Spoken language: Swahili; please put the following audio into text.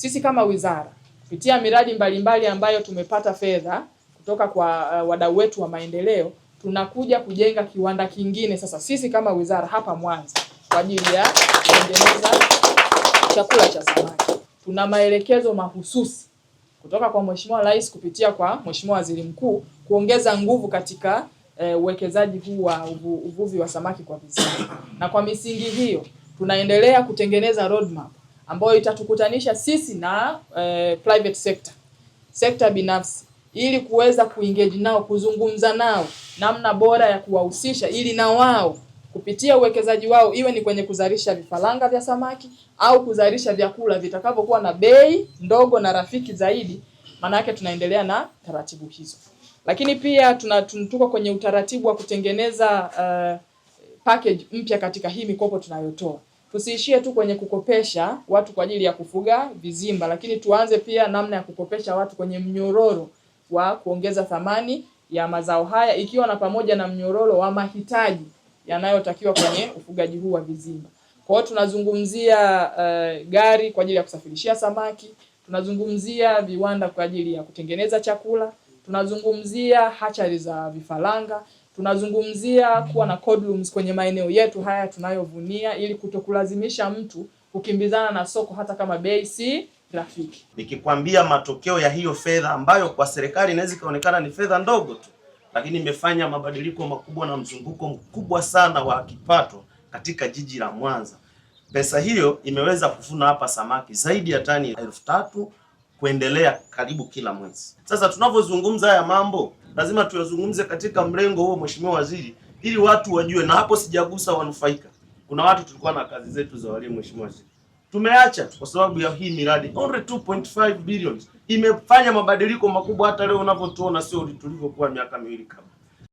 Sisi kama wizara kupitia miradi mbalimbali mbali ambayo tumepata fedha kutoka kwa uh, wadau wetu wa maendeleo tunakuja kujenga kiwanda kingine sasa sisi kama wizara hapa Mwanza kwa ajili ya kutengeneza chakula cha samaki. Tuna maelekezo mahususi kutoka kwa Mheshimiwa Rais kupitia kwa Mheshimiwa Waziri Mkuu kuongeza nguvu katika eh, uwekezaji huu wa uvuvi wa samaki kwa visima, na kwa misingi hiyo tunaendelea kutengeneza roadmap ambayo itatukutanisha sisi na eh, private sector, sekta binafsi ili kuweza kuengage nao, kuzungumza nao namna bora ya kuwahusisha ili na wao kupitia uwekezaji wao iwe ni kwenye kuzalisha vifaranga vya samaki au kuzalisha vyakula vitakavyokuwa na bei ndogo na rafiki zaidi. Maana yake tunaendelea na taratibu hizo, lakini pia tuna tuko kwenye utaratibu wa kutengeneza uh, package mpya katika hii mikopo tunayotoa. Tusiishie tu kwenye kukopesha watu kwa ajili ya kufuga vizimba, lakini tuanze pia namna ya kukopesha watu kwenye mnyororo wa kuongeza thamani ya mazao haya, ikiwa na pamoja na mnyororo wa mahitaji yanayotakiwa kwenye ufugaji huu wa vizimba. Kwa hiyo tunazungumzia uh, gari kwa ajili ya kusafirishia samaki, tunazungumzia viwanda kwa ajili ya kutengeneza chakula, tunazungumzia hachari za vifaranga. Tunazungumzia kuwa na codrooms kwenye maeneo yetu haya tunayovunia ili kutokulazimisha mtu kukimbizana na soko hata kama bei si rafiki. Nikikwambia matokeo ya hiyo fedha ambayo kwa serikali inaweza ikaonekana ni fedha ndogo tu, lakini imefanya mabadiliko makubwa na mzunguko mkubwa sana wa kipato katika jiji la Mwanza. Pesa hiyo imeweza kuvuna hapa samaki zaidi ya tani elfu tatu kuendelea karibu kila mwezi. Sasa tunavyozungumza haya mambo, lazima tuyazungumze katika mrengo huo, Mheshimiwa Waziri, ili watu wajue, na hapo sijagusa wanufaika. Kuna watu tulikuwa na kazi zetu za walimu, Mheshimiwa Waziri, tumeacha kwa sababu ya hii miradi. Only 2.5 billion imefanya mabadiliko makubwa, hata leo unavyotuona sio tulivyokuwa miaka miwili kabla.